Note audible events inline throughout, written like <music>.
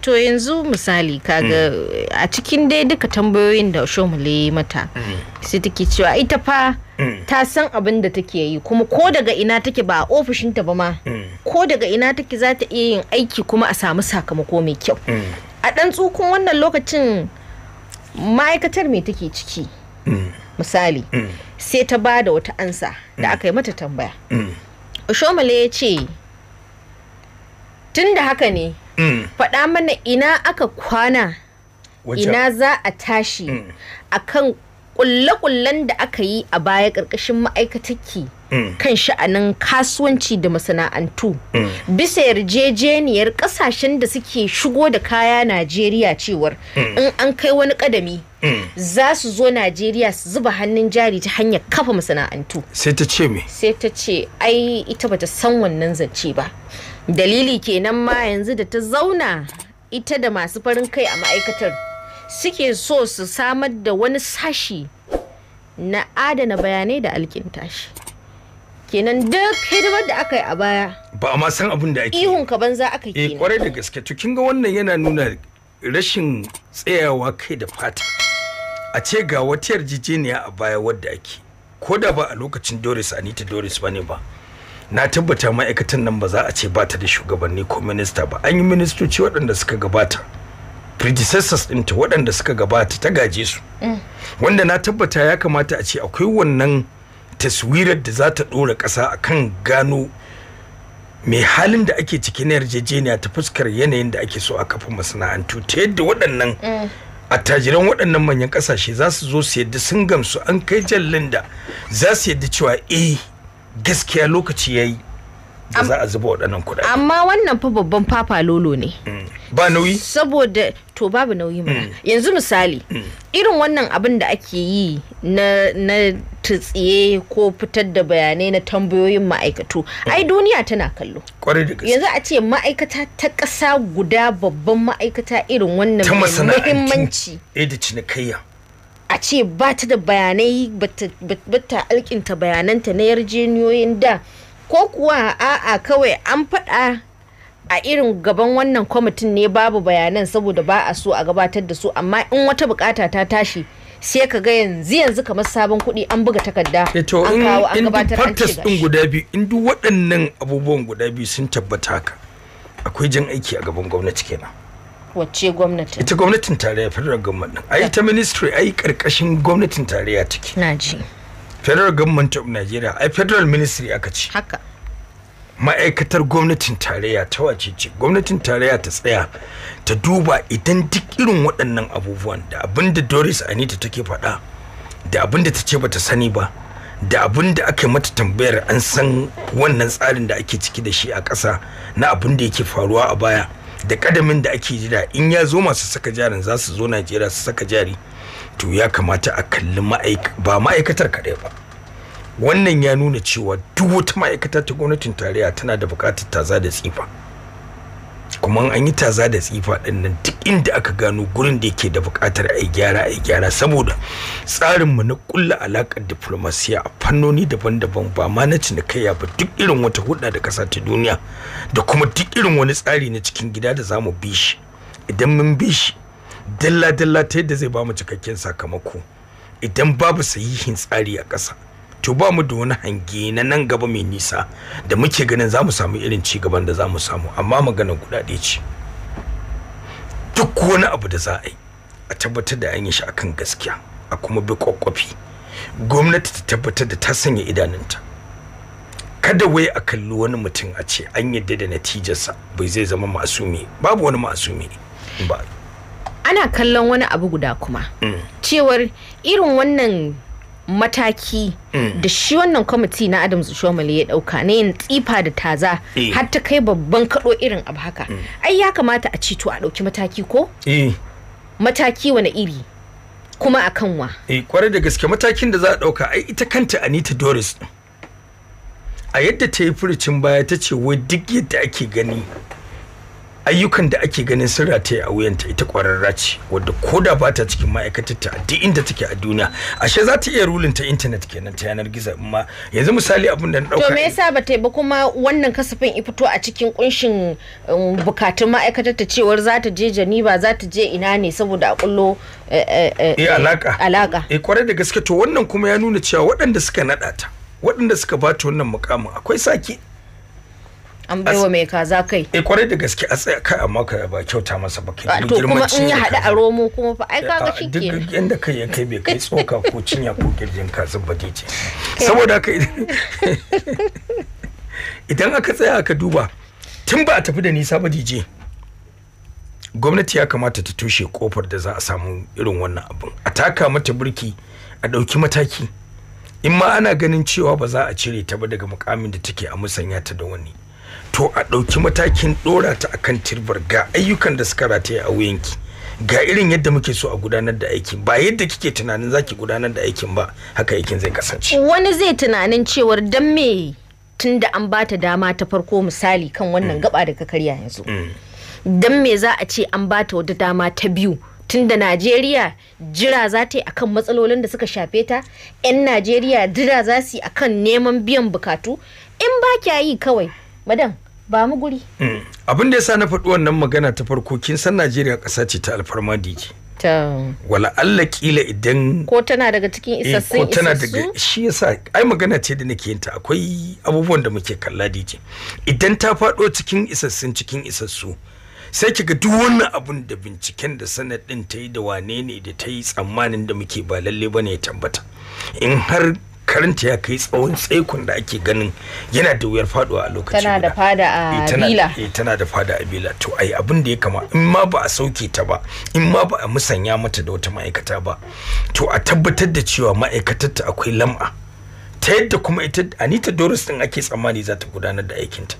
to yanzu misali kaga hmm. a cikin dai duka tambayoyin da shomule mata hmm. sai take cewa ita fa hmm. ta san abin da take yi kuma ko daga ina take ba a ofishinta ba ma ko daga ina take za ta iya yin aiki kuma a samu sakamako mai kyau a ɗan tsukun wannan lokacin ma'aikatar me take ciki misali sai ta ba da wata ansa da aka yi mata tambaya shomule ya ce tun da haka ne Mm. faɗa mana ina aka kwana ina za a tashi mm. a kan ƙulle-ƙullen da aka yi a baya ƙarƙashin ma'aikataki mm. kan sha'anin kasuwanci da masana'antu bisa yarjejeniyar ƙasashen da suke shigo da kaya najeriya cewar in an kai wani ƙadami za su zo najeriya su zuba hannun jari ta hanyar kafa masana'antu sai ta ce me sai ta ce ai ita bata san wannan zance ba dalili kenan ma yanzu da ta zauna ita da masu farin kai a ma'aikatar suke so su samar da wani sashi na adana bayanai da alkinta shi kenan duk hidimar da aka yi a baya ba a ma san abin da ake ihun ka banza aka yi eh kwarai da gaske to kin ga wannan yana nuna rashin tsayawa kai da fata a ce ga wata yarjejeniya a baya wadda ake ko da ba a lokacin Doris Anita Doris bane ba na tabbata ma'aikatan nan ba za a ce ba ta da shugabanni ko minista ba an yi ministoci waɗanda suka gabata predecessors ɗinta waɗanda suka gabata ta gaje su mm. wanda na tabbata ya kamata a ce akwai wannan taswirar da za ta ɗora ƙasa a kan gano mai halin da ake ciki na yarjejeniya ta fuskar yanayin da ake so a kafa masana'antu ta yadda waɗannan mm. attajiran waɗannan manyan ƙasashe za su zo su yadda sun gamsu an kai jallin da za su yadda cewa eh gaskiya lokaci ya yi da za a zuba waɗannan kuɗaɗe amma wannan fa babban papa lolo ne mm. ba nauyi saboda to babu nauyi mana mm. yanzu misali mm. irin wannan abin da ake yi na tutsiye ko fitar da bayanai na tambayoyin ma'aikatu ai duniya tana kallo yanzu a ce ma'aikata ta ƙasa guda babban ma'aikata irin wannan mai muhimmanci eh, da cinikayya a ce ba ta da bayanai ba ta alkinta bayananta na yarjejeniyoyin da ko kuwa a'a kawai an faɗa a irin gaban wannan kwamitin ne babu bayanan saboda ba a so a gabatar da su amma in wata bukata ta tashi sai ka ga yanzu yanzu kamar sabon kuɗi an buga takarda eh an kawo an gabatar an in guda biyu in duk waɗannan abubuwan guda biyu sun tabbata ka akwai jan aiki a gaban gwamnati kenan wacce gwamnati ita gwamnatin tarayya federal government ai ta ministry ai karkashin gwamnatin tarayya take naji federal government of Nigeria ai federal ministry aka ce haka ma'aikatar gwamnatin tarayya ta wace ce gwamnatin tarayya ta tsaya ta duba idan duk irin waɗannan abubuwan da abinda Doris Anita take faɗa da abinda ta ce bata sani ba da abin da aka mata tambayar an san wannan tsarin da ake ciki da shi a ƙasa na abin da yake faruwa a baya da kadamin da ake jira in ya zo masu saka jarin za su zo najeriya su saka jari to ya kamata a kalli ba ma'aikatar kaɗai ba wannan ya nuna cewa duk wata ma'aikata ta gwamnatin tarayya tana da buƙatar taza da tsifa kuma an yi taza da tsifa ɗin nan duk inda aka gano gurin da yake da buƙatar a gyara a gyara saboda tsarin tsarinmu na ƙulla alaƙar diplomasiya a fannoni daban-daban ba ma na cinikayya ba duk irin wata hulɗa da ƙasa ta duniya da kuma duk irin wani tsari na cikin gida da za mu bi shi idan mun bi shi dalla-dalla ta yadda zai ba mu cikakken sakamako idan babu sahihin tsari a ƙasa to ba mu da wani hange na nan gaba mai nisa da muke ganin za mu samu irin ci gaban da za mu samu amma maganar ɗaya ce duk wani abu da za a yi a tabbatar da an yi shi akan gaskiya a kuma bi kwakwafi gwamnati ta tabbatar da ta sanya idanunta kada wai a kalli wani mutum a ce an yadda da natijarsa bai zai zama masumi babu wani masumi ba ana kallon wani abu guda kuma mm. cewar irin wannan mataki mm. da shi wannan kwamiti na adam shomali ya dauka na yin tsifa da taza eh. har ta kai babban kaɗo irin abu haka mm. ai ya kamata a cito a ɗauki mataki ko eh. mataki wani iri kuma a kanwa eh kwarai da gaske matakin da za a ɗauka ai ita kanta anita doris a yadda ta yi furucin baya ta ce wai duk yadda ake gani ayyukan da ake ganin sun rataye a wuyanta ita kwararra ce wadda koda ba ta cikin ma'aikatarta a duk inda take a duniya ashe za ta iya rulin ta intanet kenan ta yanar gizo amma yanzu misali abin da na ɗauka. to me yasa ba ta ba kuma wannan kasafin i fito a cikin kunshin um, bukatun ma'aikatarta cewar za ta je Janiba za ta je ina ne saboda a kullo eh alaka alaka eh kwarai eh, eh, eh, da gaske to wannan kuma ya nuna cewa waɗanda suka nada ta waɗanda suka bata wannan mukamin akwai saki an bai mai kaza kai eh kwarai da gaske a tsaya kai amma ka ba kyauta masa ba kai ah, to kuma in ya hada a romo kuma fa ai kaga ah, shike duk inda kai ya kai bai kai tsoka ko <laughs> cinya ko girjin ka zuba dace <laughs> saboda kai <laughs> idan aka tsaya aka duba tun ba a tafi da nisa ba dije gwamnati ya kamata ta toshe kofar da za a samu irin wannan abin a taka mata burki a ɗauki mataki in ma ana ganin cewa ba za a cire ta ba daga mukamin da take a musanya ta da wani to a ɗauki matakin ɗora ta akan tirbar ga ayyukan da suka rataye a wuyanki ga irin yadda muke so a gudanar da aikin ba yadda kike tunanin zaki gudanar da aikin ba haka aikin zai kasance wani zai tunanin cewar dan me tun da an bata dama ta farko misali kan wannan mm. gaba da ka karya yanzu mm. dan me za a ce an bata wata dama ta biyu tun da najeriya jira za ta yi akan matsalolin da suka shafe ta 'yan najeriya jira za su yi akan neman biyan bukatu in ba kya yi kawai madam ba mu guri mm. abin da ya sa na faɗi wannan magana ta farko kin san Najeriya ƙasa ce ta alfarma dije wala Allah kila idan ko tana daga cikin eh, isassun ko tana daga shi yasa ai magana ce da nake yinta akwai abubuwan da muke kalla dije idan ta faɗo cikin isassun cikin isassu sai kiga duk wannan abun da binciken da sanad ɗin ta da wane ne da tayi tsammanin da muke ba lalle bane ya tabbata in har karanta ya kai tsawon tsaikon da ake ganin yana da wuyar faduwa a lokacin tana da fada a eh, bila eh, tana da fada a bila to ai abin da ya kama in ma ba a sauke ta ba in ma ba a musanya mata da wata ma'aikata ba to a tabbatar da cewa ma'aikatar ta akwai lam'a ta yadda kuma ita anita doris din ake tsammani za ta gudanar da aikinta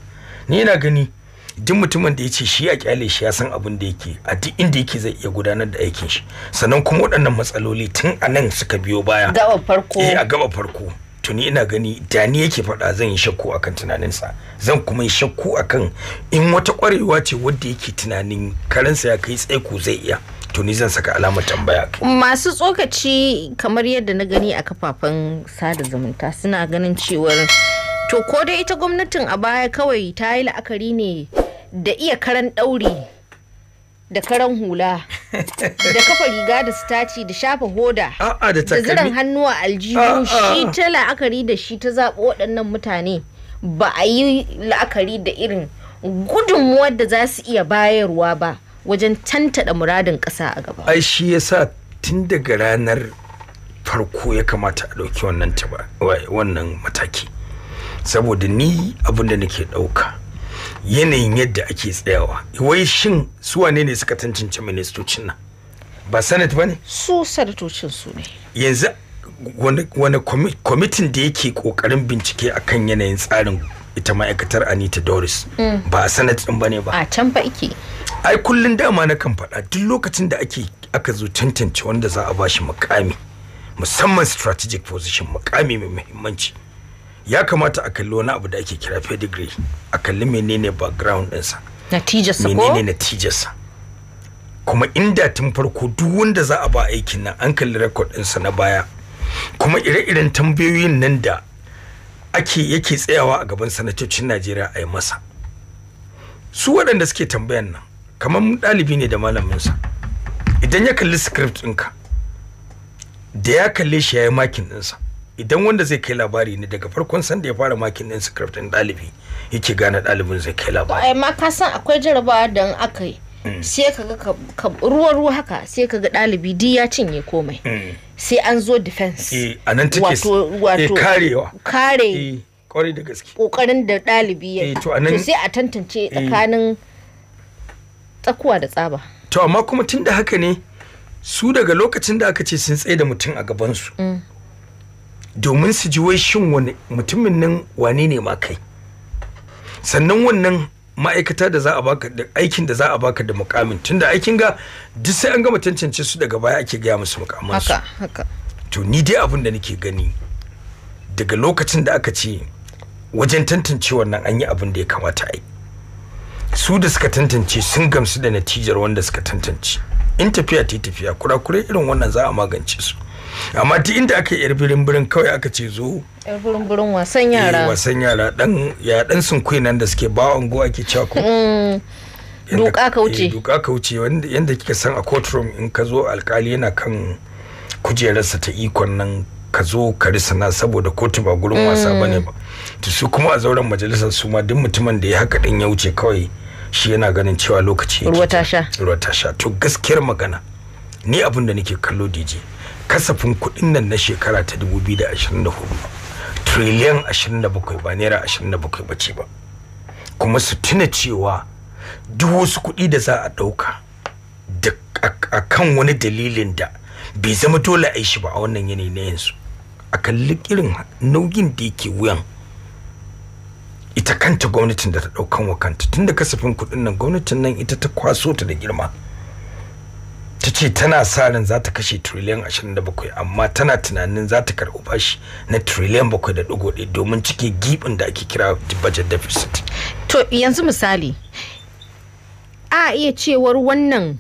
ni ina gani duk mutumin da ya ce shi a kyale shi ya san abin da yake a duk inda yake zai iya gudanar da aikin shi sannan kuma waɗannan matsaloli tun a nan suka biyo baya gaba farko eh a gaba farko tuni ina gani da ni yake faɗa zan yi shakku akan tunaninsa zan kuma yi shakku akan in wata ƙwarewa ce wadda yake tunanin karansa ya kai tsaiku zai iya tuni zan saka alamar tambaya masu tsokaci kamar yadda na gani a kafafen sada zumunta suna ganin cewar to ko dai ita gwamnatin a baya kawai ta yi la'akari ne da iya karan ɗauri da karan hula da kafa riga da sitaci da shafa hoda da ziran hannu a aljihu shi ta la'akari da shi ta zaɓi waɗannan mutane ba a yi la'akari da irin gudunmuwar da za su iya bayarwa ba wajen tantaɗa muradin ƙasa a gaba ai shi ya sa tun daga ranar farko ya kamata a ɗauki wannan mataki saboda ni abin da nake ɗauka yanayin yadda ake tsayawa wai shin su wane ne suka tantance ministocin nan ba sanat ba ne su sanatocin su ne yanzu wani kwamitin da yake kokarin bincike akan yanayin tsarin ita ma'aikatar anita doris mm. ba a sanat din ba ba a can ba ike ai kullum dama na kan faɗa duk lokacin da ake aka zo tantance wanda za a bashi mukami musamman strategic position mukami mai muhimmanci ya kamata a kalli wani abu da ake kira pedigree a kalli menene background ɗinsa menene natijarsa kuma inda tun farko duk wanda za a ba aikin nan an kalli record ɗinsa na baya kuma ire-iren tambayoyin nan da ake yake tsayawa a gaban sanatocin najeriya a yi masa su waɗanda suke tambayan nan kamar ɗalibi ne da malaminsa idan ya kalli script ɗinka da ya kalle shi ya yi makin ɗinsa idan wanda zai kai labari ne daga farkon sanda ya fara makin ɗin script ɗin ɗalibi yake gane ɗalibin zai kai labari. ba ma ka san akwai jarabawa da aka yi mm. sai ka ga ruwa ruwa haka sai ka ga ɗalibi di ya cinye komai mm. sai an zo defense eh, a nan take wato eh, karewa kare kwarai eh, da gaske kokarin da ɗalibi ya to sai a tantance mm. tsakanin tsakuwa da tsaba to amma kuma tun da haka ne su daga lokacin da aka ce sun tsaye da mutum a gabansu domin su ji wai shin wani mutumin nan wane ne ma kai sannan wannan ma'aikata da za a baka da aikin da za a baka da mukamin tunda aikin ga duk sai an gama tantance su daga baya ake gaya musu mukamin haka haka to ni dai abin da nake gani daga lokacin da aka ce wajen tantance wannan an yi abin da ya kamata a su da suka tantance sun gamsu da natijar wanda suka tantance in tafiya ta tafiya kurakurai irin wannan za a magance su amma duk inda aka yar birin birin kawai aka ce zo yar birin birin wasan eh, yara wasan yara dan ya dan sun nan da suke ba ango ake cewa ko mm. duka ka wuce eh, duka ka wuce wanda yanda kika san a courtroom in ka zo alkali yana kan kujerarsa ta ikon nan ka zo ka risana saboda kotu ba gurin wasa mm. bane ba to su kuma a zauren majalisar su ma duk mutumin da ya haka din ya wuce kawai shi yana ganin cewa lokaci ruwa ta sha ruwa ta sha to gaskiyar magana ni abun da nake kallo DJ kasafin kuɗin nan na shekara ta 2024 trillion 27 ba naira 27 ba ce ba kuma su tuna cewa duk wasu kuɗi da za a ɗauka a kan wani dalilin da bai zama dole a yi shi ba a wannan yanayi na yanzu a kalli irin nauyin da yake wuyan ita kanta gwamnatin da ta ɗaukan wa kanta tunda kasafin kuɗin nan gwamnatin nan ita ta kwaso ta da girma ta ce tana sa ran za ta kashe trillion 27 amma tana tunanin za ta karɓi bashi na trillion 7.1 domin cike gibin da ake kira budget deficit to yanzu misali a iya cewar wannan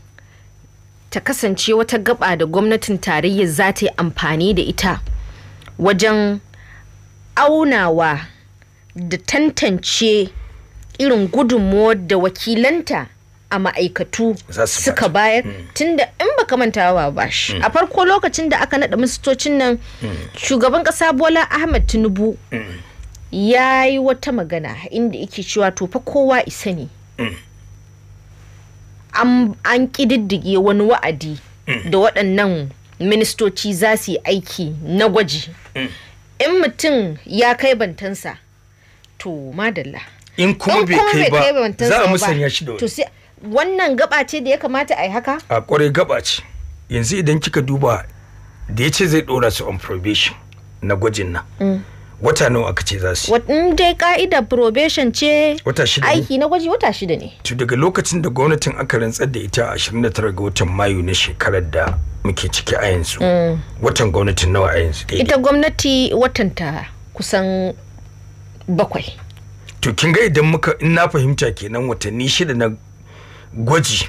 ta kasance wata gaba da gwamnatin tarayya za ta yi amfani da ita wajen aunawa da tantance irin gudunmuwar da wakilanta a ma'aikatu suka bayar hmm. tunda in baka mantawa ba shi hmm. a farko lokacin da aka naɗa ministocin nan hmm. shugaban kasa bola ahmed tinubu ya yi wata magana inda yake cewa tofa kowa isa ne an kididdige wani wa'adi da waɗannan ministoci za su yi aiki na gwaji in mutum ya kai bantansa to madalla in kuma bai kai ba za a musanya shi da wani wannan gaba ce da ya kamata a yi haka a kwarai gaba ce yanzu idan kika duba da ya ce zai dora su on probation na gwajin nan mm. wata nawa aka ce za su in dai ka'ida probation ce wata aiki na gwaji wata shida ne to daga lokacin da gwamnatin aka rantsar da ita a 29 ga watan mayu na shekarar da muke ciki a yanzu mm. watan gwamnatin nawa a yanzu ita gwamnati watan ta kusan bakwai to kin ga idan muka in na fahimta kenan watanni shida na gwaji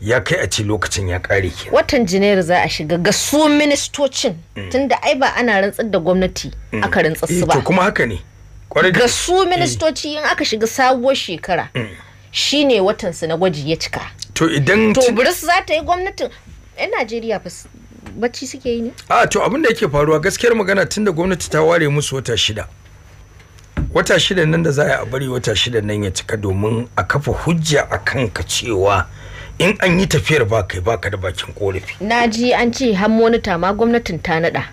ya kai a ce lokacin ya kare ke watan janairu za a shiga ga su ministocin mm. tunda ai ba ana rantsar da gwamnati mm. aka rantsar su eh, ba to kuma haka ne ga su ministoci in aka shiga sabuwar shekara mm. shine watan su na gwaji ya cika to idan to buris za ta yi gwamnatin yan najeriya fa bacci suke yi ne a ah, to abin da yake faruwa gaskiyar magana tunda gwamnati ta ware musu wata shida wata shida nan da za a bari wata shida nan ya cika domin a kafa hujja a kanka cewa in an yi tafiyar ba kai baka da bakin korafi na ji an ce har monita ma gwamnatin ta nada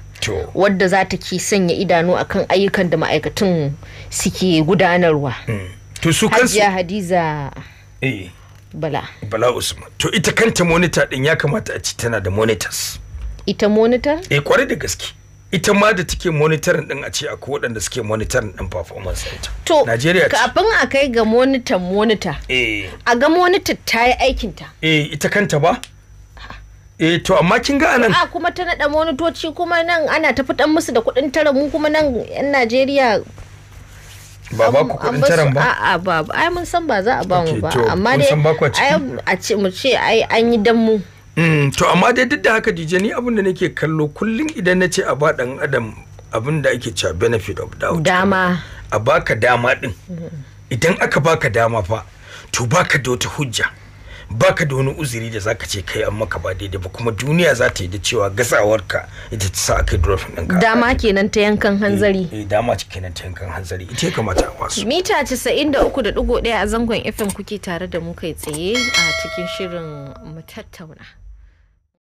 wadda za ta ke sanya idanu akan ayyukan da ma'aikatan suke gudanarwa hmm. to su kansu hadiza eh. bala bala usman to ita kanta monitor din ya kamata a ci tana da monitors ita monitor eh kwarai da gaske ita ma da take monitoring din a ce akwai waɗanda suke monitoring din performance ɗinta. To, Najeriya kafin a kai ga monitor monitor. Eh. A ga monitor ta yi aikinta. Eh, ita kanta ba? Eh, to amma kin ga anan. A kuma ta naɗa monitoci kuma nan ana ta fitan musu da kuɗin tara mu kuma nan 'yan Najeriya ba ba ku kudin taran ba a'a ba ai mun san ba za a ba mu ba amma dai a ce mu ce ai an yi dan mu Mm, to amma dai duk da haka dije ni abin da nake kallo kullum idan na ce a ba dan adam abin da ake cewa benefit of doubt dama a baka dama din idan aka baka dama fa to baka da wata hujja baka da wani uzuri da zaka ce kai an maka ba daidai ba kuma duniya za ta yi da cewa gasawarka ita ta sa aka drop din ka dama kenan ta yankan eh, hanzari eh dama kenan ta yankan hanzari ita ya kamata a wasu mita 93.1 a zangon FM kuke tare da mu kai tsaye a cikin shirin mu tattauna